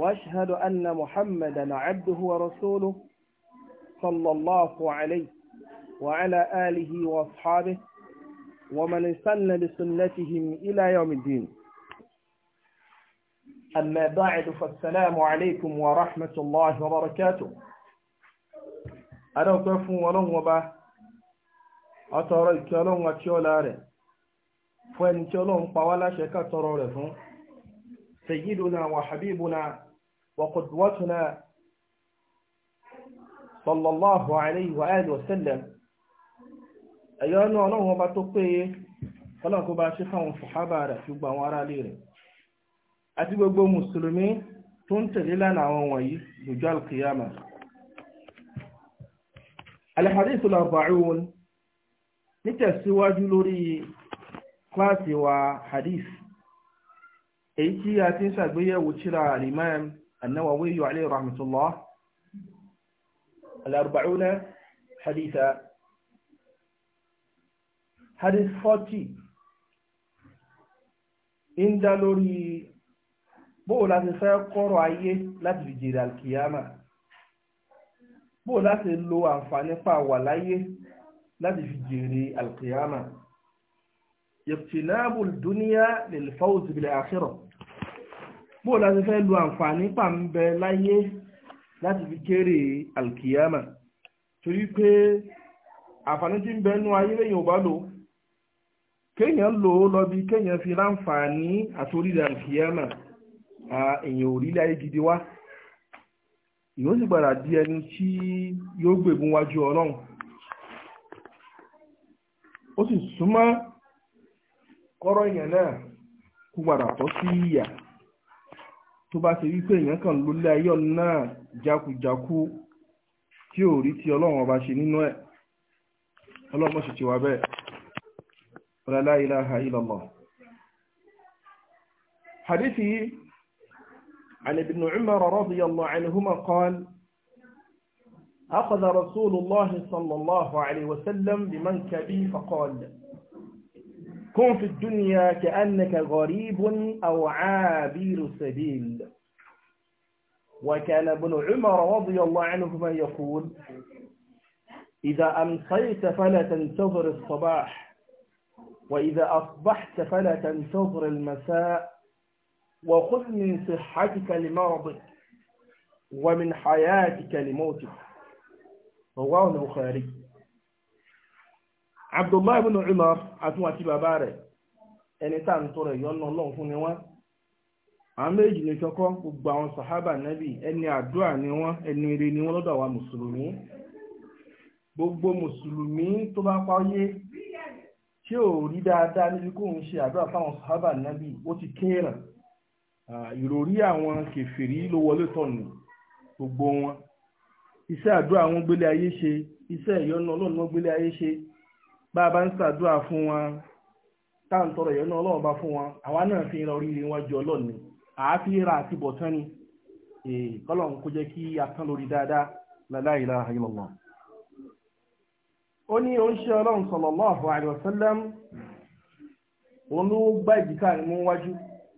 وأشهد أن محمدا عبده ورسوله صلى الله عليه وعلى آله وأصحابه ومن سن بسنتهم إلى يوم الدين أما بعد فالسلام عليكم ورحمة الله وبركاته أنا أتوفى ولن وبا أترى الكلام وتشولاره فإن كلام قوالا شكا ترى سيدنا وحبيبنا وقدوتنا صلى الله عليه وآله وسلم ẹ̀yọ́ ní ọlọ́run ihe. tó péye ọlọ́run kó bá ṣe fáwọn sàhábà rẹ̀ fi gba àwọn aráalé rẹ̀ àti gbogbo mùsùlùmí tó ń na alkiyama hadith èyí tí a ti ń ṣàgbéyẹ̀wò tírà النووي عليه رحمة الله الأربعون حديثا حديث فاتي إن دالوري بو لا تسير قروا أيه لا تفجير الكيامة بو لا تلو أنفاني فاوال أيه لا تفجير القيامة اغتناب الدنيا للفوز بالآخرة bó la ṣe fẹ́ lu àǹfààní pàǹbẹ láyé láti fi kéré alkiyama torí pé àǹfààní tí ń bẹ nú ayé lẹ́yìn ò bá lò kéèyàn lò ó lọ bí kéèyàn fi láǹfààní àtòrí alkiyama èèyàn ò rí láyé gidi wá ìyóò sì gbàdà di ẹni tí yóò gbègùn wájú ọlọ́run ó sì súnmọ́ kọ́rọ̀ èèyàn náà kú padà tọ́ sí ìyà tó bá ṣe wípé èèyàn kan ló lé ayọ̀ náà jákujáku tí ò rí ti ọlọ́run ọba ṣe nínú ẹ̀ ọlọ́run ṣe ti wá bẹ́ẹ̀ ọ̀làlá ilaha hadithi عن ابن عمر رضي الله عنهما قال أخذ رسول الله صلى الله عليه وسلم بمنكبي فقال كن في الدنيا كأنك غريب أو عابر سبيل وكان ابن عمر رضي الله عنهما يقول إذا أمسيت فلا تنتظر الصباح وإذا أصبحت فلا تنتظر المساء وخذ من صحتك لمرضك ومن حياتك لموتك رواه البخاري abdullahi ibn umar àtún àti bàbá rẹ̀ ẹni tá à ń tọrọ ìyọ́nà ọlọ́run fún ni wọ́n àwọn méjì ní kọ́kọ́ gbogbo àwọn sàhábà nábì ẹni àdúrà ni wọ́n ẹni ire ni wọ́n lọ́dọ̀ àwa mùsùlùmí gbogbo mùsùlùmí tó bá páyé tí ò rí dáadáa níbi kóun ṣe àdúrà fáwọn sàhábà nábì ó ti kéèrà ìròrí àwọn kèfèrí ló wọlé tọ̀nù gbogbo wọn iṣẹ́ àdúrà wọn gbélé ayé ṣe iṣẹ́ ìyọ́nà ọlọ́run wọn gbélé ayé ṣe bá a bá ń ṣàdúrà fún wọn tá à ń tọrọ ìyọ́nú ọlọ́run bá fún wọn àwa náà fi rọ oríire wọn ju ọlọ́run ni ra àti bọ̀tán ni kọ́lọ́run kó jẹ́ kí a tán lórí dáadáa la ilaha illallah. ó ní oúnjẹ ọlọ́run sallallahu alaihi wasallam òun ló gbá ìjìká rẹ̀ mú wájú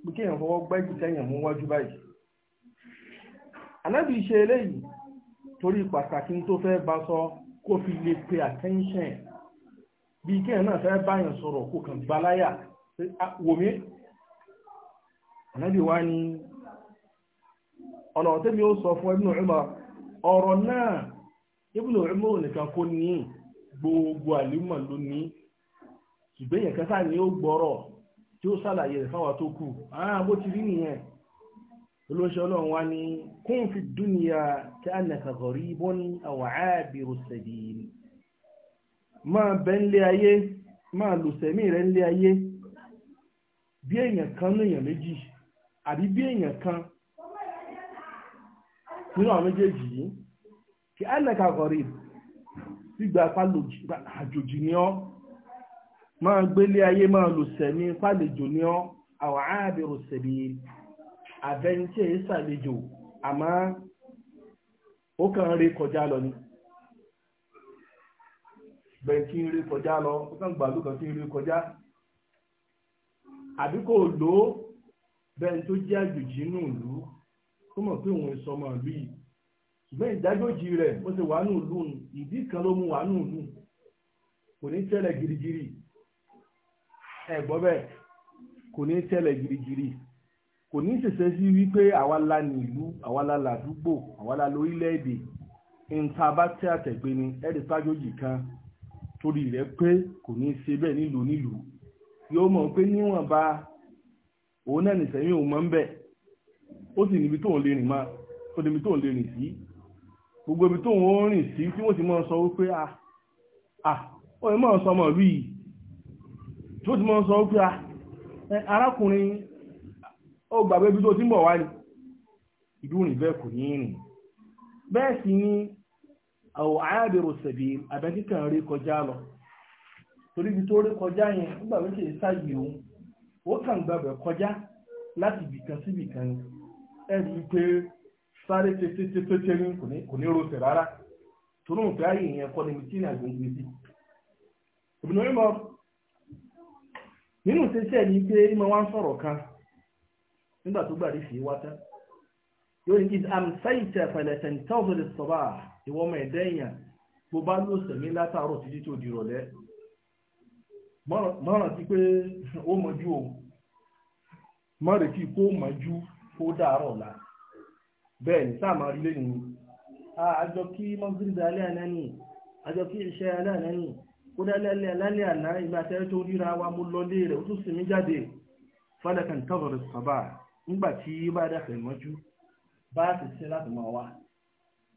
bí kéèyàn fọwọ́ gbá ìjìká yẹn mú wájú báyìí. ànábì ṣe eléyìí torí pàtàkì tó fẹ́ bá sọ kó fi lè pe attention bí kí ẹ̀ náà fẹ́ báyàn sọ̀rọ̀ kó kàn baláyà wòmí ànábì wá ní ọ̀nà ọ̀tẹ́ mi ó sọ fún Ibn Umar ọ̀rọ̀ náà Ibn Umar nìkan kó ní gbogbo àlímọ̀ ló ní ṣùgbọ́n kẹta ni ó gbọ́rọ̀ tí ó sàlàyé rẹ̀ fáwọn tó kù ah bó ti rí nìyẹn olóṣèlú ọlọ́run wá ní kún dúnìyà kí á nàkàkọ̀rí bọ́ni àwọn àábìrò sẹ̀dìrì máa bẹ ń lé ayé máa lùsẹ̀mí rẹ̀ ń lé ayé bí èèyàn kan ní èèyàn méjì àbí bí èèyàn kan nínú àwọn méjèèjì yìí kí ánàkà kọ̀rí sígbà àjòjì ni ọ́ máa gbélé ayé máa lùsẹ̀mí pàlejò ni ọ́ àwọn ààbẹ̀rù sẹ̀mí àbẹ́ntì èyí sàlejò àmọ́ ó kàn ń rí kọjá lọ ni bẹ̀rẹ̀ kí n rí kọjá lọ ó kàn gbàdú kan kí n rí kọjá àbí kò lò ó bẹ́ẹ̀ tó jẹ́ àjòjì nù lù ú tó mọ̀ pé òun ìsọmọ ìlú yìí ṣùgbọ́n ìdájọ́jì rẹ̀ ó ti wà nù lù ú ìdí kan ló mú wà nù lù kò ní tẹ́lẹ̀ girigiri ẹ gbọ́ bẹ́ẹ̀ kò ní tẹ́lẹ̀ girigiri kò ní ṣẹ̀ṣẹ̀ sí wípé àwa la ní ìlú àwa la làdúgbò àwa la lórílẹ̀-èdè nta bá tẹ́ àtẹ̀gbé ni ẹ̀ẹ́dẹ̀fájòjì kan torí rẹ̀ pé kò ní ṣe bẹ́ẹ̀ nílùú nílùú yóò mọ̀ pé níwọ̀nba òun náà nìsẹ́yìn òun mọ̀ ń bẹ̀ ó sì níbi tóun lè rìn máa tó níbi tóun lè rìn sí gbogbo ibi tóun ó rìn sí tí wọ́n ti mọ̀ sọ wípé à à ó yẹ mọ̀ sọ ọmọ rí i tí wọ́n ti mọ̀ sọ wípé à arákùnrin ó gbàgbé ibi tó ti ń bọ̀ wá ni ìdúró rìn kò ní rìn bẹ́ẹ̀ sì ni àwọn àábẹ̀rù sẹ̀bí abẹ́kíkà rí kọjá lọ torí ibi tó rí kọjá yẹn nígbà méjì sáyé òun ó kàn gbàgbẹ́ kọjá láti ibìkan sí ibìkan ẹ̀rí pé sáré tètè ní kò ní rọsẹ̀ rárá torí òun fẹ́ ààyè yẹn kọ́ ni mi tí ní àgbẹ̀ ìgbé sí. ìbùnú mímọ nínú ṣeṣẹ́ ni pé ìmọ̀ wá ń sọ̀rọ̀ kan nígbà tó gbàdé wá tán yóò ní kí sáyìí ìwọ ọmọ ẹ̀dá èèyàn tó bá ló sẹ̀mí látàárọ̀ títí tó di ìrọ̀lẹ́ mọ́ràn sí pé ó mọjú o mọ́rẹ̀ kí kó mọjú kó dàárọ̀ la bẹ́ẹ̀ ni sáà máa rí lẹ́nu àjọ kí mọ́gírídà alẹ́ ni àjọ kí iṣẹ́ alẹ́ àná ni ó dálẹ́ alẹ́ àná ìgbà tẹ́rẹ́ tó ríra wa mú lọlé rẹ̀ ó tún sinmi jáde fadakan cover the sabah nígbà tí bá dàfẹ́ mọ́jú bá sì sí láti máa wá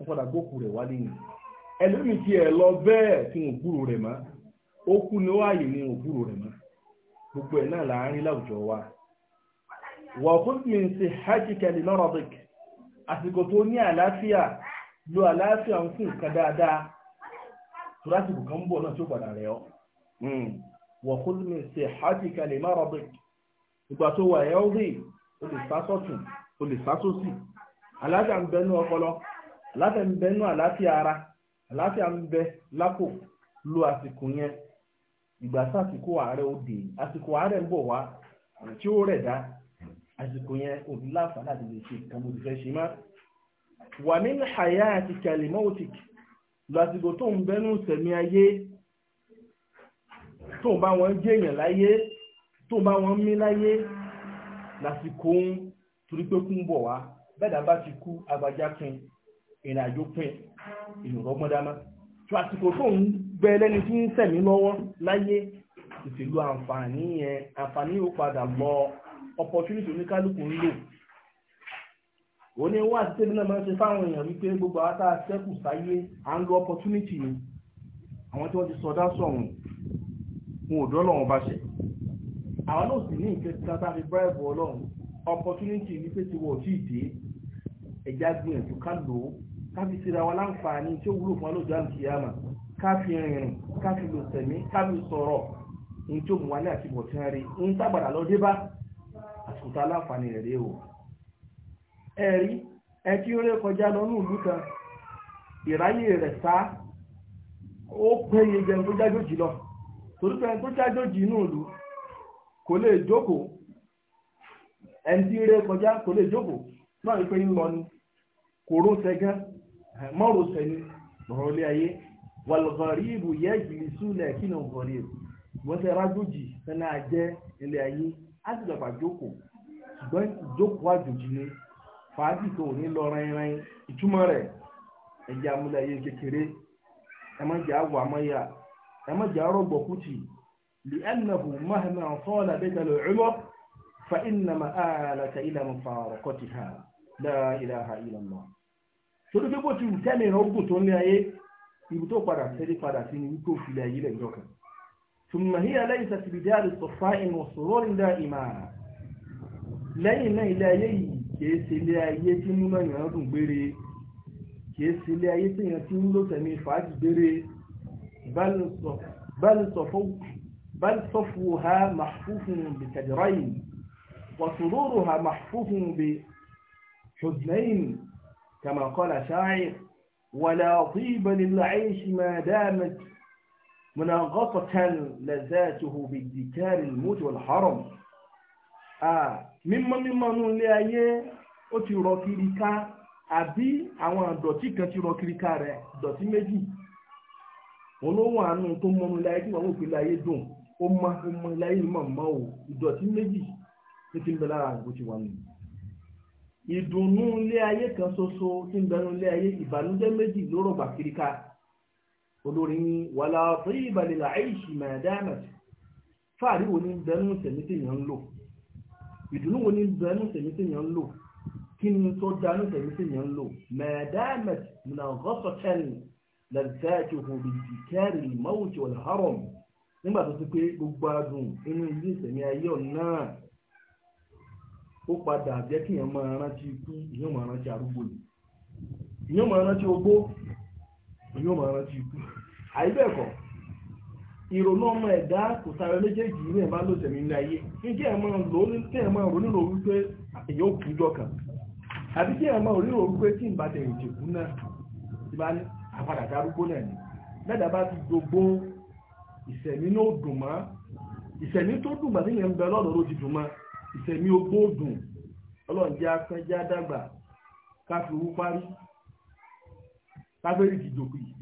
wọ́n padà gbókù rẹ̀ wálé ni ẹlòmíì tí ẹ lọ bẹ́ẹ̀ tí wọn gbúrò rẹ̀ mọ́ ó kú ní wáyé ni wọn gbúrò rẹ̀ mọ́ gbogbo ẹ̀ náà láàárín láwùjọ wa wà fún mi ṣe hajjikẹ ní lọ́rọ̀dìk àsìkò tó ní àlàáfíà lo àlàáfíà ń fún nǹkan dáadáa tó lásìkò kan ń bọ̀ náà tó padà rẹ̀ ọ́ wà fún mi ṣe hajjikẹ ní lọ́rọ̀dìk ìgbà tó wà ẹ́ ó rí o lè àlàáfíà ń bẹ ní ọpọlọ àlàáfíà ń bẹ nú àlàáfíà ara àlàáfíà ń bẹ lápò lo àsìkò yẹn ìgbà sásìkò ààrẹ òde àsìkò ààrẹ ń bọ̀ wá tí ó rẹ̀ dá àsìkò yẹn òbí láǹfà láti lè ṣe nǹkan bó ti fẹ́ ṣe má wà ní àyà àti kalimotic lásìkò tó ń bẹnu sẹ̀mí ayé tó bá wọn jẹ́yàn láyé tó bá wọn mí láyé lásìkò ń torí pé kún bọ̀ wá bẹ́ẹ̀dá bá ti kú agbájá kin ìrìn àjò pẹ́ ìrọ̀gbọ́n dáná tó àsìkò tó ń gbẹ lẹ́ni tí ń sẹ̀mí lọ́wọ́ láyé ìṣèlú àǹfààní yẹn àǹfààní yóò padà lọ opportunity oníkálukú ń lò òní wá àti tẹ́lẹ̀ náà máa ń ṣe fáwọn èèyàn wípé gbogbo àwọn tá a ṣẹ́kù sáyé à ń lo opportunity ni àwọn tí wọ́n ti sọdá sọ̀hún wọn ò dọ́lọ̀ wọn bá ṣẹ̀ àwọn náà sì ní ìkẹ́sí tá a fi bẹ́ẹ̀ bọ̀ ọlọ́run opportunity ní pé ti wọ̀ tí ì dé ẹ̀já gbìyànjú ká lò ó ká fi síra wa láǹfààní tí ó wúlò fún alójú àlùkìyàmà ká fi rìnrìn ká fi lò tẹ̀mí ká fi sọ̀rọ̀ ní tí ó mú wa ní àtibọ̀ tí wọ́n rí ń tábàdà lọ dé bá àsìkò tá láǹfààní rẹ̀ dé ẹ̀rí ẹ tí ó ré kọjá lọ ní ìlú kan ìráyè rẹ̀ sá ó péye jẹun tó jájòjì lọ torí pé ẹni tó jájòjì inú ìlú kò lè jókòó ẹni tí ó ré kọjá kò lè jókòó náà ìpè ń lọ ni kò rósẹ gán mọ́ rósẹ ni ọ̀rọ̀ ilé ayé wàlùgọ̀ríìbù yẹ ìgbìlísù lẹ́ẹ̀kí náà gọ̀ríìbù wọ́n tẹ rájójì sẹ́nà àjẹ́ ilé ayé á sì dàgbà jókòó ṣùgbọ́n ìjókòó àjòjì ni fàájì tó ní lọ rẹ́rẹ́n ìtumọ̀ rẹ̀ ẹ̀jẹ̀ amúlẹ̀ ayé kékeré ẹ̀mọ́jà wà mọ́yà ẹ̀mọ́jà rọ̀gbọ̀ kùtì لأنه مهما طال بك العمر فإن مآلك إلى مفارقتها لا إله إلا الله torí pé bó ti wù tẹ́lẹ̀ ìran ogun tó ń lé ayé ibi tó padà tẹ́lẹ̀ padà sí ni wípé òfin ilé ayé lẹ́jọ́ kan ṣùgbọ́n hí aláìsà ti bìdí àlùsọ̀fà ìwọ̀n sọ̀rọ̀ ń dá ìmà lẹ́yìn náà ilé ayé yìí kìí ṣe ilé ayé tí múnú èèyàn dùn gbére kìí ṣe ilé ayé tí èèyàn ti ń lò tẹ̀mí fàájì gbére bálùsọ̀fù ha màfúfún bí kàdìráyìn wàtúróró ha màfúfún bí ṣòdìnẹ́yìn كما قال شاعر ولا طيب للعيش ما دامت مناغطة لذاته بادكار الموت والحرم mímọ́ mímọ́ nú ilé ayé ó ti rọ kiri ká àbí àwọn àdọ̀tí kan ti rọ kiri ká rẹ̀ dọ̀tí méjì wọn ló wà nù tó mọ́nu ilé ayé tí wọ́n wò pé ilé ayé dùn ó mọ́ ó mọ́ ilé ayé mọ̀ mọ́ ò ìdọ̀tí méjì tó ti ń bẹ lára àgbo ti wà nù ìdùnnú ilé ayé kan ṣoṣo tí ń bẹnu ilé ayé ìbànújẹ́ méjì ló rọ̀gbà kiri ká olórí ní wàlá fún ìbàlẹ̀ àìsí mẹ́ẹ̀dáàmẹ̀t fáàrí wo ní bẹnu tẹ̀mí tèèyàn ń lò ìdùnnú wo ní bẹnu tẹ̀mí tèèyàn ń lò kí ni tó dánú tẹ̀mí tèèyàn ń lò mẹ́ẹ̀dáàmẹ̀t múnà gọ́sọ̀ tẹ́lẹ̀ lẹ́tẹ́ẹ̀kì òbí kẹ́rì mọ́wùtì ọ̀lẹ́hárọ̀m nígbà tó ti pé gbogbo adùn inú ilé ìsẹ̀mí ayé ọ̀ náà ó padà jẹ́ kí èèyàn máa rántí ikú èèyàn máa rántí arúgbó ni èèyàn máa rántí ogbó èèyàn máa rántí ikú àìbẹ́ẹ̀kọ́ ìrònú ọmọ ẹ̀dá kò sáré méjèèjì ní ẹ̀bá ló tẹ̀mí ní ayé ní kí ẹ̀mọ́ lò ní kí ò kú jọ àbí kí tẹ̀yìn náà ti bá ní àpadà náà ni mẹ́ta bá ti gbogbo dùn mọ́ tó dùn ń bẹ lọ́dọ̀ ló ìsẹ̀mí ogbóògùn ọlọ́run jẹ́ asán jẹ́ àdàgbà káfí owó parí kábẹ́rìkì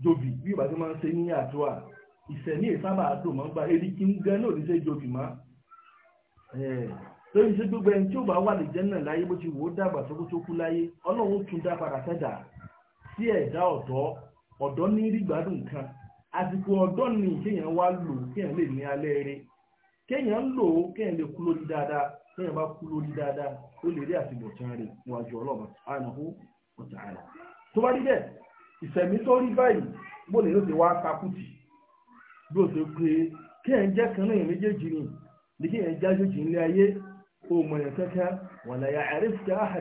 jòbì bí ìbá tó máa ń ṣe ní gba ń náà níṣẹ́ jòbì má lórí iṣẹ́ gbogbo ẹni tí ó bá wà lè jẹ́ náà láyé bó ti wò ó dàgbà láyé ọlọ́run tún dá padà sẹ́dà sí ẹ̀dá ọ̀dọ́ ọ̀dọ́ ní kan àsìkò ọ̀dọ́ ni kéèyàn wá lò kéèyàn lè ní alẹ́ kéèyàn lò tẹ́yìn bá kú lórí dáadáa ó lè rí àtibọ̀tán rẹ̀ níwájú ọlọ́run àánàhó ọ̀tà àlà tó bá rí bẹ́ẹ̀ ìsẹ̀mí tó rí báyìí bó lè ló ti wá bí ó ti pé e, kí ẹ̀ ń jẹ́ kan náà méjèèjì ni ní kí ẹ̀ ń jájú jì ńlẹ̀ ayé ó mọ̀ ẹ̀ kẹ́kẹ́ wọ̀n lẹ́yà ẹ̀rí fi káhà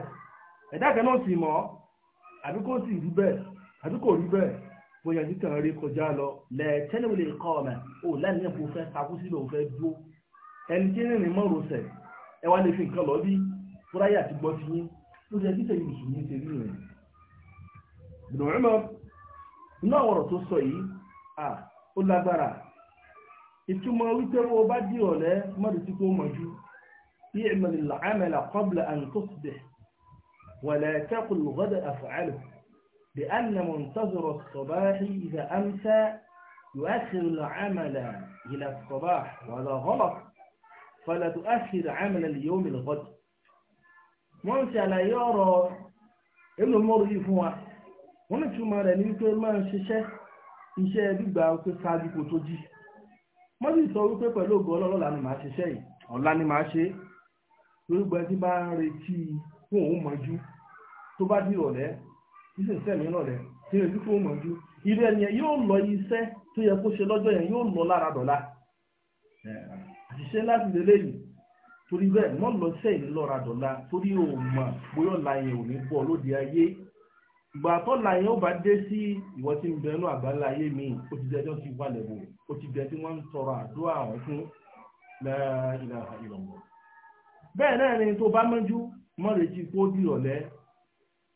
ẹ̀dá kan náà sì mọ̀ àbí kò sì rí bẹ́ẹ̀ kọjá lọ ẹ wá lè fi nǹkan lọ bí fúráyà ti gbọ́ ti yín ló jẹ́ títẹ̀ yìí mùsùlùmí ṣe rí rẹ̀ ìbùnà ọ̀rẹ́mọ iná ọ̀rọ̀ tó sọ yìí à ó lágbára ìtumọ̀ wípé wo bá di ọ̀lẹ́ mọ́tò tí kò mọ̀jú bí ìmọ̀lẹ̀ làámẹ́lá qabla an tusbih wala taqul ghada af'aluhu لأن منتظر الصباح إذا أمسى يؤخر العمل إلى الصباح وهذا غلط fala tu'akhir 'amal al-yawm al-ghad wọ́n ń ṣàlàyé ọ̀rọ̀ èlò mọ́rù yìí fún wa wọ́n ní túmọ̀ rẹ̀ ní wípé máa ń ṣiṣẹ́ iṣẹ́ gbígbà pé ṣáájú kò tó jí wọ́n sì sọ wípé pẹ̀lú ògo ọlọ́lọ́lá ni màá ṣiṣẹ́ yìí ọ̀la ni màá ṣe lórúkọ ẹni tí bá ń retí fún òun mọ́jú tó bá di ìrọ̀lẹ́ ìṣẹ̀ṣẹ̀ mi rọ̀lẹ́ tí retí fún òun mọ́jú irú ẹni yóò lọ iṣẹ́ tó yẹ kó ṣe lọ́jọ́ yẹn yóò lọ lára dọ̀la àṣìṣe láti lélẹ̀ yìí torí bẹ́ẹ̀ mọ́ lọ sẹ́yìn lọ́ra dọ̀la torí o mọ̀ bóyá ọ̀la yẹn ò ní bọ̀ lóde ayé ìgbà tọ́la yẹn ó bá dé sí ìwọ tí ń bẹnu àgbáńlá ayé mi ó ti dẹjọ́ ti wà lẹ́wọ̀ ó ti dẹ tí wọ́n ń tọrọ àdúrà àwọn fún lẹ́ẹ̀lá ìrọ̀mọ́ bẹ́ẹ̀ náà ni tó bá mọ́jú mọ́ retí kó dìrọ̀lẹ́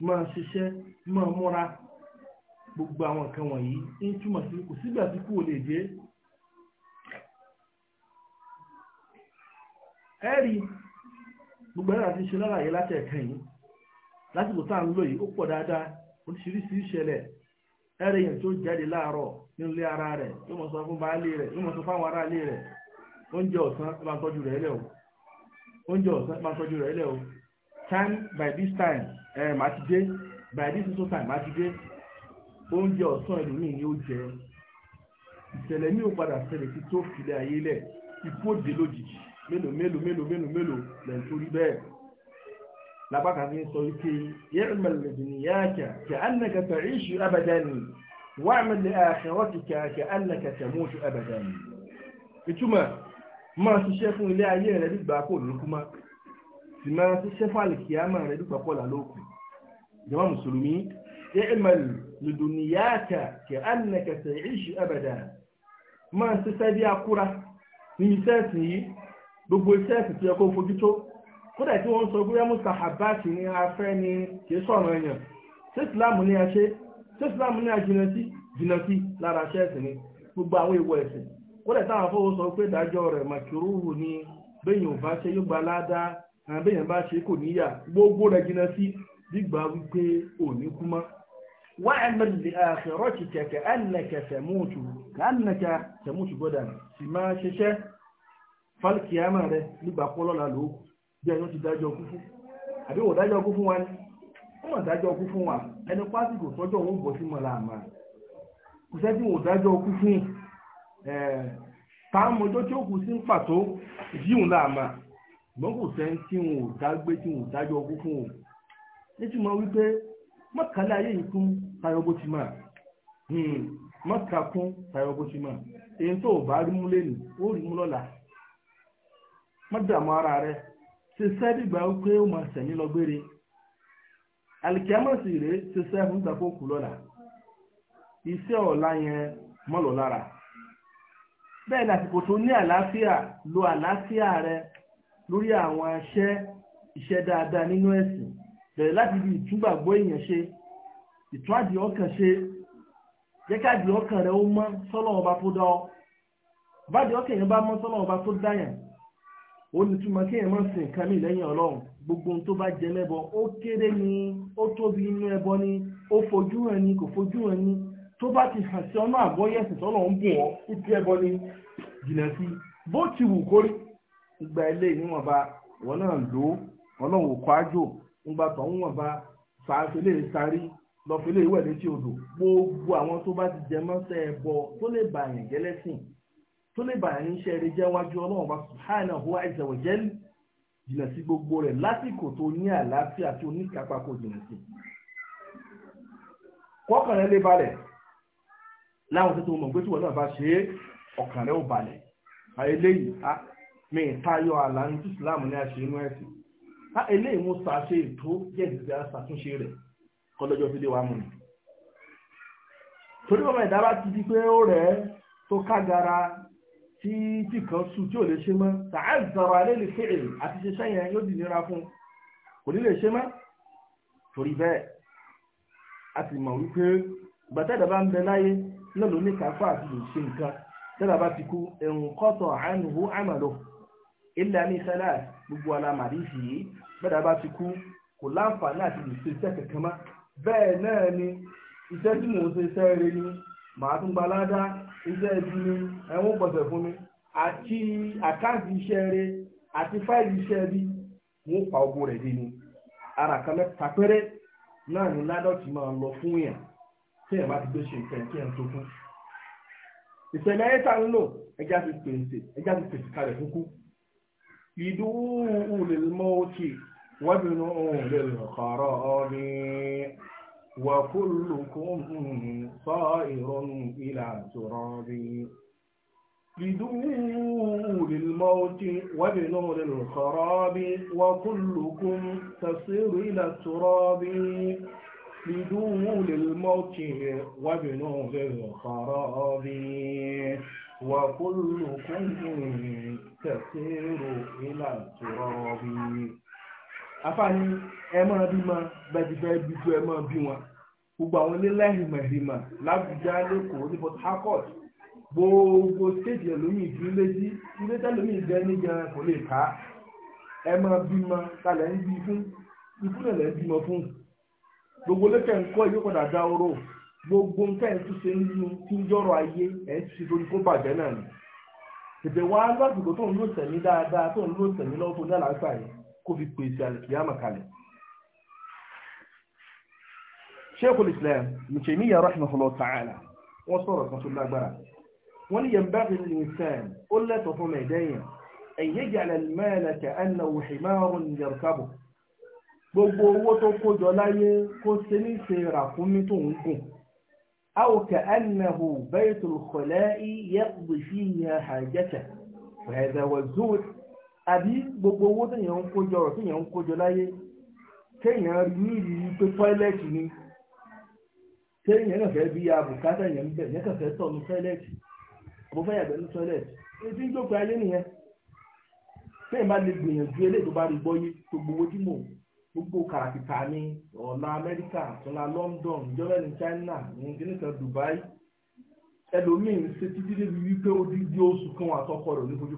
máa ṣiṣẹ́ máa múra gbogbo àwọn nǹkan wọ̀nyí ń túmọ̀ sí kò sígbà tí kò lè dé ẹ̀rí gbogbo ẹ̀rọ àti ìṣẹ̀lẹ̀ àyè láti ẹ̀kẹ́ yìí lásìkò tá à ń lò yìí ó pọ̀ dáadáa oríṣiríṣi ìṣẹ̀lẹ̀ ẹ̀rí yẹn tó jáde láàárọ̀ nílé ara rẹ̀ yóò mọ̀ sọ fún baálé rẹ̀ yóò mọ̀ sọ fáwọn rẹ̀ oúnjẹ ọ̀sán máa tọ́jú rẹ̀ o oúnjẹ ọ̀sán time by this time eh máa by this time máa ti dé oúnjẹ ọ̀sán ẹlòmíì ni ó jẹ ìṣẹ̀lẹ̀ mi ò padà ṣẹlẹ̀ tó ayé lẹ̀ mélòó mélòó mélòó mélòó mélòó lẹ́yìn tó rí bẹ́ẹ̀ labaka ní sọ wípé yẹ́rùmọ̀ lẹ́dìní yáàkà kí annaka ta'ishu abadan wa'mal li akhiratika kí annaka tamutu abadan ìtumọ̀ máa ṣiṣẹ́ fún ilé ayé rẹ̀ dìgbà kò ní kú má sì máa ṣiṣẹ́ fún àlìkìyàmà rẹ̀ dìgbà kọ́ làlókù jama mùsùlùmí yẹ́rùmọ̀ lẹ́dìní yáàkà kí annaka ta'ishu abadan máa ṣiṣẹ́ bí akúra ní iṣẹ́ yìí gbogbo iṣẹ́ ẹ̀sìn tí ẹ kó fojú tó kódà tí wọ́n ń sọ bóyá mustahabbat ni afẹ́ ni kìí sọ̀rọ̀ èèyàn ṣé ìsìláàmù ni a ṣe ṣé ìsìláàmù ni a jìnà sí jìnà sí lára iṣẹ́ ẹ̀sìn ni gbogbo àwọn ìwọ ẹ̀sìn kódà táwọn afọwọ́ sọ pé ìdájọ́ rẹ̀ màkìrúhù ni béèyàn bá ṣe yóò gba ládàá àwọn béèyàn bá ṣe kò níyà gbogbo rẹ̀ jìnà sí gbígbà wípé òní kú mọ́ واعمل لآخرتك كأنك تموت كأنك تموت fálìkìyàmà rẹ nígbà pọ́lọ́lá ló kù bí ẹni ó ti dájọ́ ọkú fún àbí wò dájọ́ ọkú fún wa ni wọ́n mọ̀ dájọ́ ọkú fún wa ẹni pásítọ̀ tọ́jọ́ òun bọ̀ sí mọ̀lá àmà kò wò dájọ́ ọkú fún táwọn ọjọ́ tí ó kù sí ń pàtó yíùn láàmà kò sẹ́ tí wọn ò dágbé fún o wípé mọ́kànlá ayé yìí kún tayọ bó ti hmm, kún tayọ bó ti èyí mọ́dàmú ara rẹ̀ ṣiṣẹ́ dìgbà pé ó máa sẹ̀mí lọ gbére alikiamọ̀sì rèé ṣiṣẹ́ fún gbàgbó kù lọ́la iṣẹ́ yẹn mọ́lọ̀ lára bẹ́ẹ̀ ni àsìkò lo àlàáfíà rẹ lórí àwọn iṣẹ́ iṣẹ́ dáadáa nínú ẹ̀sìn bẹ̀rẹ̀ láti ibi ìtúgbàgbọ́ èèyàn ṣe ìtún àdì ọkàn ṣe jẹ́ káàdì ọkàn rẹ ó mọ́ sọ́lọ́ ọba tó dá ọ bá àdì ọkàn ó ní túmọ̀ kí èèyàn má sìn nǹkan mi lẹ́yìn ọlọ́run gbogbo ohun tó bá jẹ mẹ́bọ ó kéré ni ó tóbi inú ẹbọ ni ó fojú hàn ni kò fojú hàn ni tó bá ti hàn sí ọ̀nà àgbọ́yẹ̀sìn tọ́lọ̀ ń bùn ọ́ ó ti ẹbọ ni jìnnà sí bó ti wù kórí ìgbà ilé níwọ̀nba wọn náà lò ó ọlọ́run kọ́ ájò ńgbà tó ń wọ̀nba fàáfẹ́lẹ́ sáré lọ́fẹ́lẹ́ ìwẹ̀ létí odò gbogbo àwọn tó bá ti jẹ mọ́sẹ̀ ẹbọ tó lè bàyàn jẹ́lẹ́sìn tó lè bàyà ní iṣẹ́ rẹ jẹ́wájú ọlọ́run bá subhanahu azza wa jal jìnà sí gbogbo rẹ̀ lásìkò tó ní àlàáfíà tó ní ìkápá kò jìnà sí. kọ́kàn rẹ lè balẹ̀ láwọn tó tó mọ̀ pé tí wọ́n náà bá ṣe é ọkàn rẹ ò balẹ̀ eléyìí a mi tayọ àlàní tí islam ní àṣẹ inú ẹ̀sìn a eléyìí mo ṣàṣe ètò jẹ́ ìdíje àṣàtúnṣe rẹ̀ kọ́lọ́jọ́ fi lé wa mú ni. torí ọmọ ìdá bá ti di pé ó rẹ̀ tó kágara tí tí kan sùn tí ò lè ṣe mọ́ tààzọ̀rọ̀ alẹ́ lè fi èrè àti ṣe sẹ́yìn yóò di nira fún kò ní lè ṣe mọ́ torí bẹ́ẹ̀ a sì mọ̀ wípé gbàtẹ́dà bá ń bẹ láyé náà ní kápá àti lè ṣe nǹkan tẹ́dà bá ti kú ẹ̀ǹkọ́tọ̀ àánúhù àmàlò ilẹ̀ ní sẹ́lá gbogbo alamàdí sì yìí bẹ́ẹ̀dà bá ti kú kò láǹfààní àti lè ṣe iṣẹ́ kankan mọ́ bẹ́ẹ̀ náà ni iṣẹ́ tí mò ń ṣe iṣẹ́ rẹ ni màá tún gbaládá iṣẹ́ ibi ni ẹ̀wọ̀n gbọ̀sẹ̀ fún mi àti àkáǹtì iṣẹ́ rẹ àti fáìlì iṣẹ́ bí wọ́n pa ogun rẹ̀ dé ni ara kan mẹ́ta péré náà ni ládọ́tì máa lọ fún yàn tí ẹ̀ bá ti gbé ṣe nǹkan kí ẹ̀ tó fún. ìṣẹ̀lẹ̀ ayé tá ń lò ẹja ti pèsè ẹja ti pèsè kalẹ̀ fún kú. ìdúró òun lè mọ òkè wọ́n bí wọn òun lè lọ́kọ̀ọ́rọ́ ọ̀rìn. وكلكم طائر إلى ترابه بدون الموت وبنور الخراب وكلكم تصير إلى التراب بدون الموت وبنور الخراب وكلكم تصير إلى التراب afáàní ẹ máa bí ma bẹ́ẹ̀ gbogbo àwọn onílẹ̀ ìmọ̀-ìmọ̀ lábújá lẹ́kọ̀ọ́ ní Port Harcourt gbogbo stéèjì ẹlòmíì tí ó lé sí ilé tẹ́lòmíì jẹ́ níjà kò lè ká ẹ máa bímọ kalẹ̀ ń bí fún ikú náà lẹ́ bímọ fún gbogbo lẹ́kẹ̀ ń kọ́ ìwé padà dá oró gbogbo nǹkan ẹ̀ tún ṣe nínú tí ń jọ́rọ̀ ayé ẹ̀ ń ṣe lórí kó bàjẹ́ náà ni tètè wá lásìkò tó ń lò tẹ̀mí dáadáa tó ń lò tẹ̀mí lọ́wọ́ tó ní àlàáfíà yẹn kó fi pèsè àlùkìyàmọ̀ kalẹ̀ شيخ الإسلام ابن تيمية رحمه الله تعالى وصورة رسول الله بقى ولينبغي للإنسان ألا تطمع دايا أن يجعل المال كأنه حمار يركبه gbogbo owó tó kójọ láyé kó ṣe ní ṣe ràkúnmí tó ń gùn أو كأنه بيت الخلاء يقضي فيها حاجته وهذا هو الزهد àbí gbogbo owó téèyàn ń kójọ ọ̀rọ̀ téèyàn ń kójọ láyé téèyàn rí ní ìrírí pé tọ́ílẹ̀tì ni iriri pe ni ṣé ìyẹn náà fẹ́ bí ya bùkátà ìyẹn ń bẹ̀ ìyẹn fẹ́ tọ̀ ní tọ́ílẹ̀tì mo fẹ́ yàgbẹ́ ní tọ́ílẹ̀tì èyí tí ń jókòó ayé nìyẹn fẹ́ẹ̀ bá lè gbìyànjú eléyìí tó bá rí gbọ́ gbogbo tí mò gbogbo kàràkìtà ọ̀la Amẹ́ríkà ọ̀la London ìjọba ní China ní Dubai ẹlòmíín ṣe títí débi wípé oṣù kan àtọkọ onífojú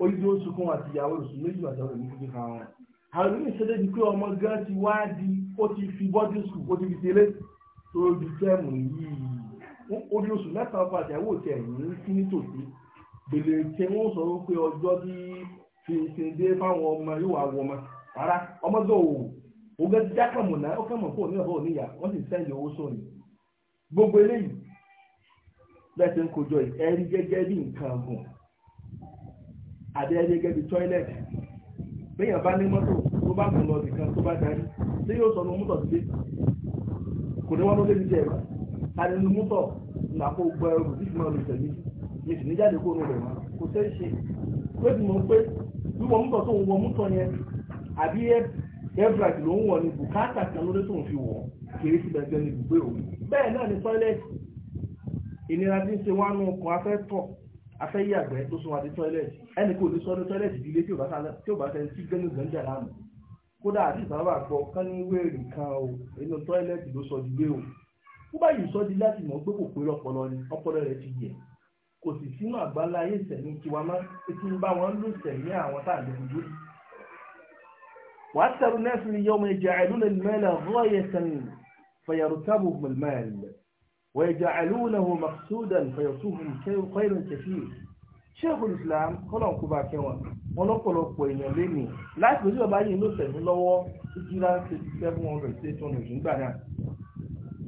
wọn oṣù kan oṣù méjì àtọkọ onífojú wọn ṣe débi pé ọmọ gan ti wá di ó tó di tẹ́ẹ̀mù yìí orí oṣù mẹ́ta ọkọ̀ àtìyàwó tẹ̀ ní sí nítòsí gbèlè tí wọ́n sọ pé ọjọ́ tí fìfin fáwọn ọmọ yóò wá wọ ọmọ rárá ọmọdé òwò ògẹ́ ti dákàmù náà ó kàmù kó ní ọ̀bọ̀ òníyà wọ́n sì sẹ́yìn owó gbogbo eléyìí bẹ́ẹ̀ ti ń kojọ ẹ̀rí gẹ́gẹ́ bí nǹkan gùn àbí gẹ́gẹ́ bí tọ́ílẹ̀tì bẹ́yàn bá ní mọ́tò tó bá gùn lọ nìkan tó kò ní wọ́n ló débi jẹ́ ìmọ̀ àdínú mútọ̀ nàkó gbọ́ ẹrù bí ìfúnná lè tẹ̀lé mi sì ní jáde kó rẹ̀ mọ́ kò sẹ́ ṣe pé tí mo ń pé wíwọ mútọ̀ tó ń wọ mútọ̀ yẹn àbí everett ló ń wọ̀ ní bùkátà kan lóde tó ń fi wọ̀ kiri síbẹ̀ jẹ́ ní ibùgbé òun bẹ́ẹ̀ náà ní tọ́ílẹ̀tì ìnira tí ń ṣe wá nù ọkọ̀ afẹ́ tọ̀ afẹ́ yàgbẹ́ tó sún wa dé tọ́ílẹ̀tì ẹnì kò ní sọ ní tọ́ílẹ̀tì ìdílé tí ò bá sẹ́ni tí gẹ́nu gẹ́nu lánàá kódà àti ìsábà gbọ́ kán ní wéèrè kan o inú tọ́ílẹ̀tì ló sọ di gbé o ó bá yìí sọ di láti mọ̀ pé kò pé ọpọlọ ni ọpọlọ rẹ̀ ti yẹ̀ kò sì sínú àgbáńlá ayé ìsẹ̀mí tiwa máa ń ti ń bá wọn lò sẹ̀mí àwọn tá à lè fojú wàá tẹ̀rù náà fi yọ ọmọ ìjà ìlú lè mẹ́lẹ̀ rọ́ ẹ̀yẹ sẹ́yìn fẹ̀yàrù tábù mẹ́lẹ̀ ويجعلونه مقصودا فيصوب خير كثير Sheikhul Islam kọ́lọ̀ kó bá kẹ́ wọn wọn lọ́pọ̀lọpọ̀ èèyàn lémi láti ojú ọba yìí ló tẹ̀mí lọ́wọ́ ìjìlá twenty seven hundred eight hundred nígbà náà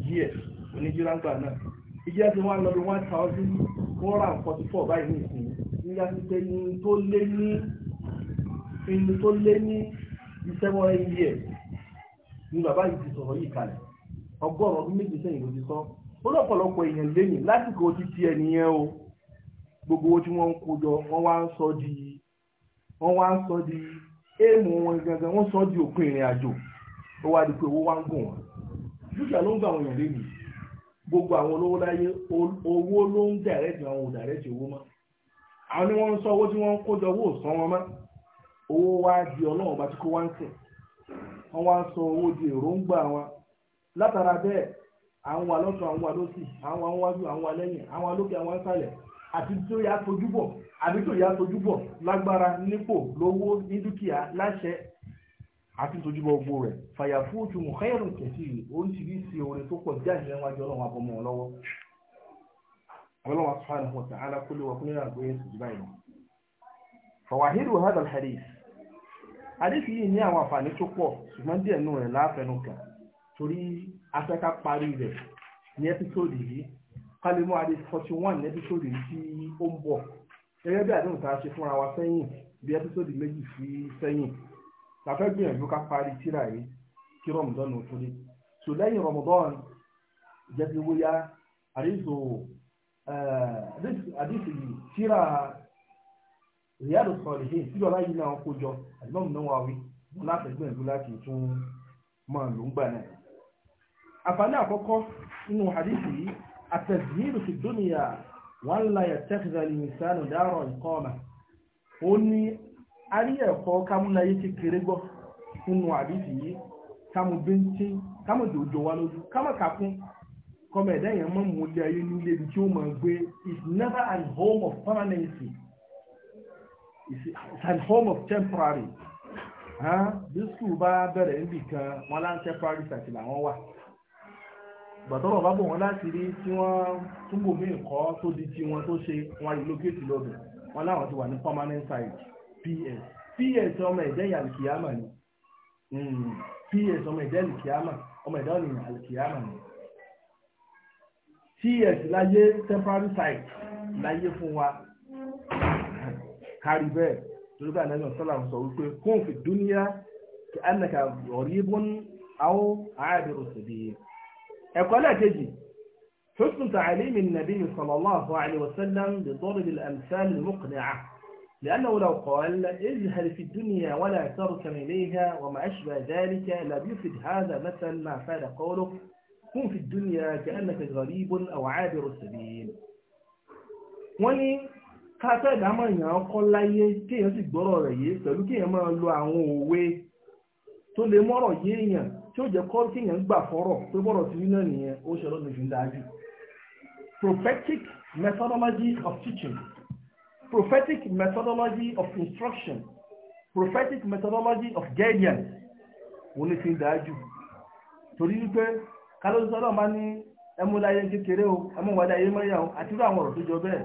yíẹ̀ oníjìlá ńgbà náà ìjẹ́ ti wọ́n lọ bí one thousand four hundred forty four báyìí ní ìsìn nígbà tí pé ní tó lé ní ní tó lé ní seven hundred years ni bàbá yìí ti sọ̀rọ̀ yìí kalẹ̀ ọgọ́rùn-ún ọdún méjì sẹ́yìn ló ti sọ ó lọ́pọ̀lọpọ̀ èèyàn lémi lásìkò ti tiẹ̀ nìyẹn o. gbogbo owó tí wọ́n ń kó jọ wá ń sọ di wọ́n wá ń sọ di éèmù wọn gangan sọ di òpin ìrìn àjò ó wá di pé owó wá ń gùn wọn dúkìá ló ń gbogbo àwọn olówó láyé owó ló ń dàrẹ́tì àwọn ò owó mọ́ ni wọ́n ń sọ owó tí wọ́n ń kó owó wọn mọ́ owó wá di ọlọ́run bá ti kó wá ń sìn wọ́n sọ owó di èròǹgbà wọn látara bẹ́ẹ̀ àwọn wà lọ́tọ̀ àwọn wà lọ́sì àwọn wà wájú àwọn wà lẹ́yìn àwọn àti tó yà tójú bọ̀ àbí tó yà tójú bọ̀ lágbára nípò lówó ní dúkìá láṣẹ àti tójú bọ̀ gbogbo rẹ̀ fàyà fún ojú mu khairun kẹsì oríṣiríṣi orin tó pọ̀ díẹ̀ ní ẹwájú ọlọ́run lọ́wọ́ ọlọ́run subhanahu wa ta'ala kó lè wà fún ìrìn àgbóyè sí jù báyìí fàwáhírù hadal hadith hadith yìí ní àwọn àǹfààní tó pọ̀ ṣùgbọ́n díẹ̀ nù rẹ̀ láàfẹnukà torí afẹ́ká parí rẹ̀ ní ẹ́písòdì yìí kálímù adi forty one episode yìí tí ó ń bọ̀ gẹ́gẹ́ bí àdéhùn tá a ṣe fúnra wa sẹ́yìn bí ẹpísòdù méjì fi sẹ́yìn la fẹ́ gbìyànjú ká parí tíra yìí kí rọmọdọ́nù tó so lẹ́yìn rọmọdọ́nù jẹ́bi wóyá àdéhùn eh, àdéhùn yìí tíra Riyadu Salihin síjọba yìí náà kó jọ àdìmọ́mù náà wà wí wọn láti gbìyànjú láti tún máa lò ń gbà náà àǹfààní àkọ́kọ́ nínú àdéhùn yìí التزهيد في الدنيا ولا يتخذ الإنسان دار إقامة ó ní a rí ẹ̀kọ́ kámúláyé ti kéré gbọ́ nínú àdìsí yìí kámúbéńtí kámúdòjò wa lójú kámọ̀kákún kọmọ ẹ̀dá èèyàn mọ́ mú ilé ayé nílé ibi tí ó máa gbé is never an home of permanency it's an home of temporary bí sùkúù bá bẹ̀rẹ̀ níbì kan wọn láǹtẹ́ paris àti làwọn wà gbàtọ́rọ̀ bá bò wọ́n láti rí tí wọ́n túbò mí nǹkan tó di ti wọn tó ṣe wọn relocate lọ́dọ̀ wọn láwọn ti wà ní permanent site ps ps ọmọ ẹ̀dẹ́ yàlìkìyàmà ni hmm. ps ọmọ ẹ̀dẹ́ yàlìkìyàmà ọmọ ẹ̀dẹ́ ọ̀nìyàn yàlìkìyàmà ni ts láyé temporary site láyé fún wa kárí bẹ́ẹ̀ torí bá àlejò sọ́là sọ wípé kóńfì dúníyà kí anaka ọ̀rí bọ́n àwọn àádọ́rọ̀ sọ̀dẹ̀ yìí. ẹ̀kọ́ تجي حسن تعليم النبي صلى الله عليه وسلم بضرب الأمثال المقنعة لأنه لو قال اذهل في الدنيا ولا تركن إليها وما أشبه ذلك لم يفد هذا مثل ما فعل قوله كن في الدنيا كأنك غريب أو عابر السبيل wọ́n ní káàtà أن èèyàn kọ́ láyé kéèyàn sì gbọ́rọ̀ rẹ̀ yé pẹ̀lú kéèyàn máa lo àwọn òwe tí ó jẹ́ kọ́ńtì yẹn gbà fọ́rọ̀ pé bọ́rọ̀ sí nínú nìyẹn ó ṣe lọ́dún fi dájú. prophetic methodology of teaching prophetic methodology of instruction prophetic methodology of guidance ó ní fi ń dájú. torí wípé kálọ́sí sọ́dọ̀ máa ní ẹmúláyé kékeré o ẹmúwádà ayé mọ́yà o àti irú àwọn ọ̀rọ̀ tó jọ bẹ́ẹ̀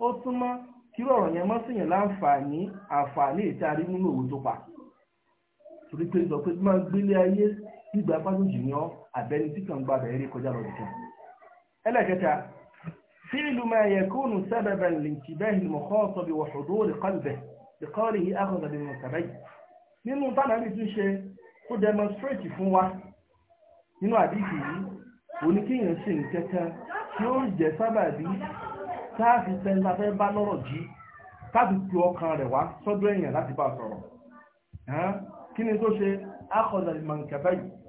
ó túmọ̀ kí ọ̀rọ̀ yẹn mọ́ sí yẹn láǹfààní àǹfààní ìtaari nínú òwe tó pa torí pé sọ máa gbélé ayé gbígba fájòjì ni ọ́ àbẹ́ni tí kàn gba bẹ̀rẹ̀ kọjá lọ nìkan. ẹlẹ́kẹta fíìlù máa yẹ kóònù sábàbà lìkìbẹ́ ìmọ̀kọ́ ọ̀sọ̀ bí wọ̀ṣọ̀dó ìkọlùbẹ̀ ìkọlù yìí àkọsọ̀ bí mo sàbẹ̀ yìí. nínú tánà bí tún ṣe ó demonstrate fún wa nínú àdìsí yìí oníkéèyàn ṣe nǹkankan tí ó jẹ sábàbí káàfi tẹ́lá fẹ́ bá lọ́rọ̀ jí káàfi tu ọkàn rẹ̀ wá sọ́dọ̀ èèyàn láti bá sọ̀rọ̀ kí ni tó ṣe àkọsọ̀ ìmọ̀ nǹkan báyìí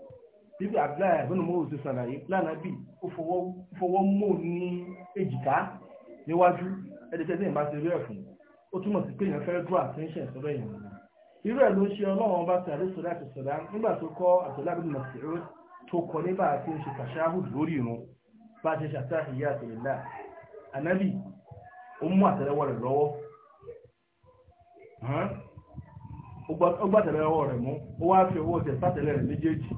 bíbí abdullahi abinu mọ́rù ti sàlàyé lánàá bí ó fọwọ́ mọ́ ní èjìká níwájú ẹ̀dẹ̀tẹ̀dẹ̀ ìbá ti rí ẹ̀ fún ó túmọ̀ sí pé èèyàn fẹ́ draw attention sọ́dọ̀ èèyàn nìyẹn irú ẹ̀ ló ń ṣe ọlọ́run ọba tí àlẹ́ sọ̀rọ̀ àti sọ̀rọ̀ nígbà tó kọ́ àtọ̀lábìnú mọ̀síọ́ tó kọ nígbà tí ó ń ṣe tàṣáhùd lórí irun bá a ṣe ṣàtàhìyà àtẹ̀lẹ́lá ànábì ó mú àtẹ̀lẹ́wọ́ rẹ̀ lọ́wọ́ ó gbá àtẹ̀lẹ́wọ́ rẹ̀ mú ó wá fi owó ọ̀tẹ̀ sátẹ̀lẹ́ rẹ̀ méjèèjì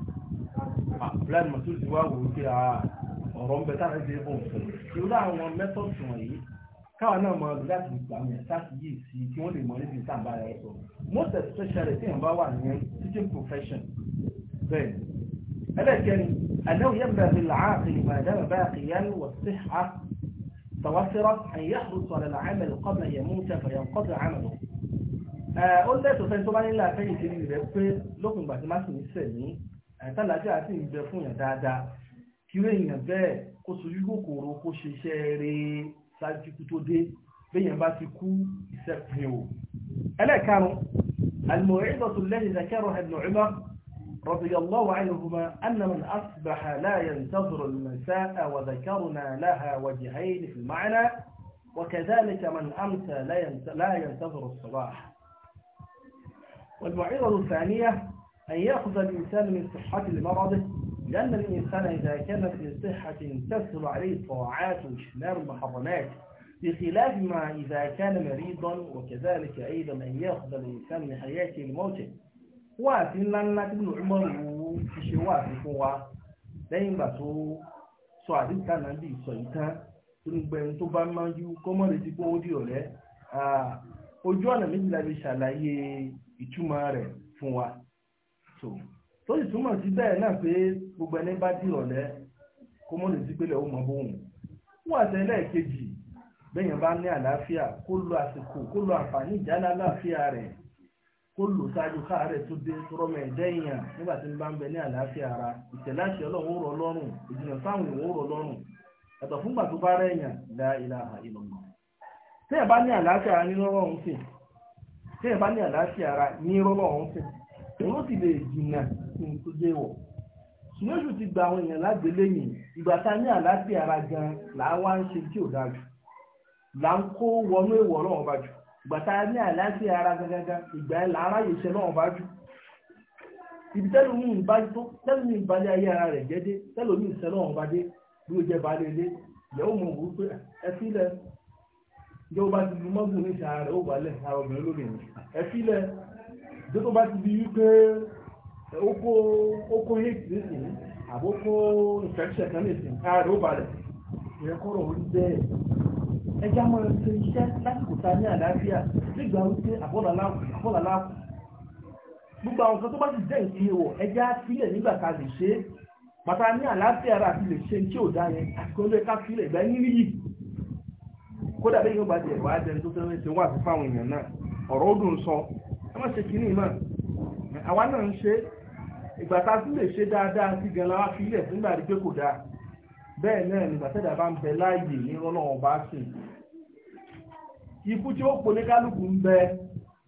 Ah, plan masoud ti wá wò ó pé ah, ọ̀rọ̀ ń bẹ táwọn ẹgbẹ́ bò fún un irú àwọn methods wọ̀nyí káwọn náà láti gbà wọn láti yí sí kí wọ́n lè mọ níbi ìtàbá rẹ sọ most especially tí èèyàn bá wà ní teaching profession bẹ́ẹ̀ ẹlẹ́kẹ́ni àdáwò yẹn bẹ̀rẹ̀ làákìlì máa dábàá bá àkìyáni wọ̀ sí ha tọwọ́sírọ́ àyẹ̀hùn sọ̀rọ̀ làámẹ̀ lọ́kọ́bẹ̀ yẹn mú tẹ̀fẹ̀ yẹn kọ́bẹ̀ àmàlù ó lẹ́tọ̀ọ́ fẹ́ tó bá nílẹ̀ àfẹ́yìntì rẹ̀ pé lókùngbà tí sì ní sẹ̀ ní àìsàlàjì àti ìgbẹ fún yàn dáadáa kíwé èèyàn bẹ́ẹ̀ kó sojú kòkòrò kó ṣe iṣẹ́ rere ṣáájú kú tó dé béèyàn bá ti kú iṣẹ́ pin o. ẹlẹ́ẹ̀karùn-ún الموعظة التي ذكرها ابن عمر رضي الله عنهما أن من أصبح لا ينتظر المساء وذكرنا لها وجهين في المعنى وكذلك من أمسى لا ينتظر الصباح والموعظة الثانية أن يأخذ الإنسان من صحة لمرضه لأن الإنسان إذا كان في صحة تسهل عليه الطاعات واجتناب المحرمات بخلاف ما إذا كان مريضا وكذلك أيضا أن يأخذ الإنسان من حياته لموته wáàtí ńláńlá tí ló mọ́ ìwò ti ṣe wáàtí fún wa lẹ́yìn ìgbà tó sọ àdíkà náà bí ìsọ̀ yìí tán tó ń gbẹ̀rù tó bá máa ju kọ́mọ̀lì tí kò ó di ọ̀lẹ́ ojú ọ̀nà méjìlá lè ṣàlàyé ìtumọ̀ rẹ̀ fún wa so tó sì túmọ̀ sí bẹ́ẹ̀ náà pé gbogbo ẹni bá dì ọ̀lẹ́ kó mọ́ lè sí pé lẹ́wọ́ mọ́ bóun fún bá ní àlàáfíà kó lo àsìkò kó lo àǹfààní ìjálá àlàáfíà rẹ̀ kó lò ṣáájú káàárẹ̀ tó dé rọmọ ẹ̀dẹ́ èèyàn nígbà tí ń bá ń bẹ ní àlàáfíà ara ìtẹ̀láṣẹ ọlọ́run lọ́rùn sáwọn èyí ó sì lè jìnnà ní tó dé wọ̀ ṣùgbọ́n oṣù ti gba àwọn èèyàn lágbèléyìn ìgbà tá a ní àlàáfíà ara gan là ń wá ń ṣe tí ò dáa jù là ń kó wọnú èèwọ̀ náà bá jù ìgbà tá a ní àlàáfíà ara gangan ìgbà ẹ̀ là ń ráyè iṣẹ́ náà bá jù ibi tẹ́lómi ìbá tó tẹ́lómi ìbálẹ̀ ayé ara rẹ̀ jẹ́ dé tẹ́lómi ìṣẹ́ náà bá dé bí ó jẹ́ balẹ̀ ilé ìyàwó mọ̀ wò ẹ ẹ tó tó bá ti di wípé ó kó hate nísìnyí àbókó infection kan nísìnyí káàdì ó balẹ̀ ìyẹn orí bẹ́ẹ̀ ẹjá mọ́ ṣe iṣẹ́ lásìkò ta ní nígbà wípé gbogbo àwọn kan tó bá ti jẹ́ ẹjá sílẹ̀ nígbà lè ṣe bàtà ní àlàáfíà ara àti lè ṣe tí ò dá àti olóyè ká sílẹ̀ ìgbà yín níyì kódà yóò bá ìwà ẹ má ṣe kínní mọ́ àwa náà ń ṣe ìgbà tá a tún lè ṣe dáadáa sí gan la wá fi ilẹ̀ fúngbà rí pé kò dáa bẹ́ẹ̀ náà nígbà tẹ́dà bá ń bẹ láàyè ní rọ́lọ́wọ́n bá sì ikú tí ó pọ̀ ní kálukú ń bẹ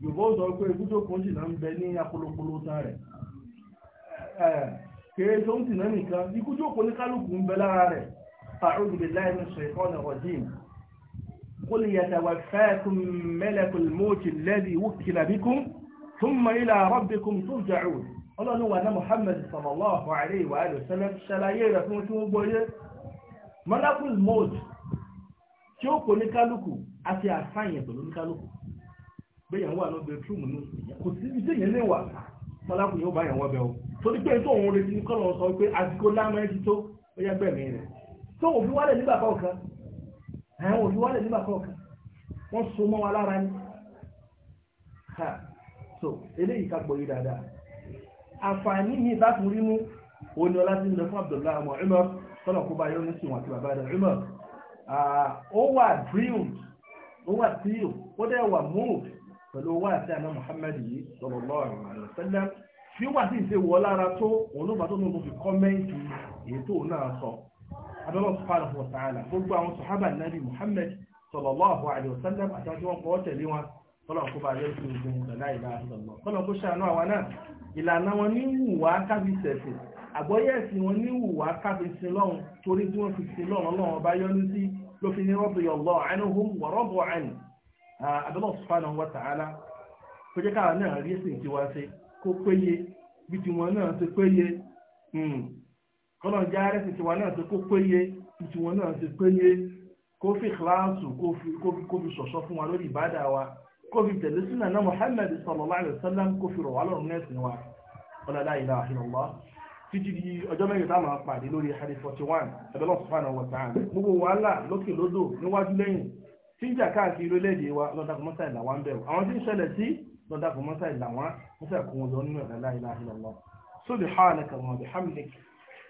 yorùbá sọ pé ikú tí ó pọ̀ jìnnà ń bẹ ní apolopolo tán rẹ̀ kèrè tó ń jìnnà nìkan ikú tí ó pọ̀ ní kálukú ń bẹ lára rẹ̀ àrùn ìgbèláìmí sọ ìkọ́ni ọ̀dín قل يتوفاكم ملك الموت الذي وكل بكم ثم إلى ربكم ترجعون ọlọ́ni wà ná Muhammad sallallahu alayhi wa sallam ṣàlàyé rẹ̀ fún tí wọ́n gbọ́yé malakul mold tí ó kò ní kálukú àti àfáyẹ̀ pẹ̀lú ní kálukú bẹ́yàn wà ní bedroom ní kò sí ibi tẹ́yẹ̀ lè wà malakul yóò bá yàn wọ́bẹ̀ o torí pé tó òun retí kọ́lọ̀ sọ pé àsìkò lámẹ́ ti tó ó yẹ gbẹ̀mí rẹ̀ tó òfin wálẹ̀ nígbà kọ̀ọ̀kan àwọn òyíwálẹ̀ nígbà kọ̀ọ̀kan wọ́n so mọ́ wa lára ní ha so eléyìí ká gbọ́yí dáadáa àǹfààní yìí bá tún rí mú òní ọlá tí ń lọ fún Abdullahi ọmọ Umar tọ́lọ̀ kó bá yọ ní sùn àti bàbá rẹ̀ Umar ó wà drilled ó wà drilled ó pẹ̀lú owó àti àná Muhammad yìí sallallahu alaihi wasallam bí wà sí ìṣe wọ lára tó òun ló bá tó nù fi kọ́mẹ́ǹtì èyí tó náà sọ abẹ́bọ̀ subhanahu wa ta'ala gbogbo àwọn sahaba nabi muhammad sallallahu alayhi wa sallam àti àwọn tí wọ́n kọ́ tẹ̀lé wọn tọ́lọ̀ kó bá yẹ kí ogun ìlànà ìlànà ìlànà tọ́lọ̀ kó ṣàánú àwa náà ìlànà wọn ní wùwá kábí sẹ̀sẹ̀ wọn ní wùwá kábí lọ́hùn fi lọ́hùn ọlọ́run ọba yọ́nú sí ló fi ní radiyallahu anhum wa kọ́nà já rẹ́sì tiwa náà ti kó péye tiwọn náà ti péye kó fi kíláàsù kó fi ṣọ̀ṣọ́ fún wa lórí ìbádà wa kó fi tẹ̀lé sínú àná Muhammad sallallahu alaihi wasallam kó fi rọ̀ wá lọ́rùn náà sìn wa ọ̀làdá ìlà àhìnàlá títí di ọjọ́ mẹ́rin táwọn apàdé lórí hadi forty one ẹ̀dọ́lọ́ subhanahu wa ta'ala gbogbo wàhálà lókè lódò níwájú lẹ́yìn tí ń jà káàkiri orílẹ̀-èdè wa lọ́dàkùnmọ́sá لا إله إلا الله سبحانك اللهم وبحمدك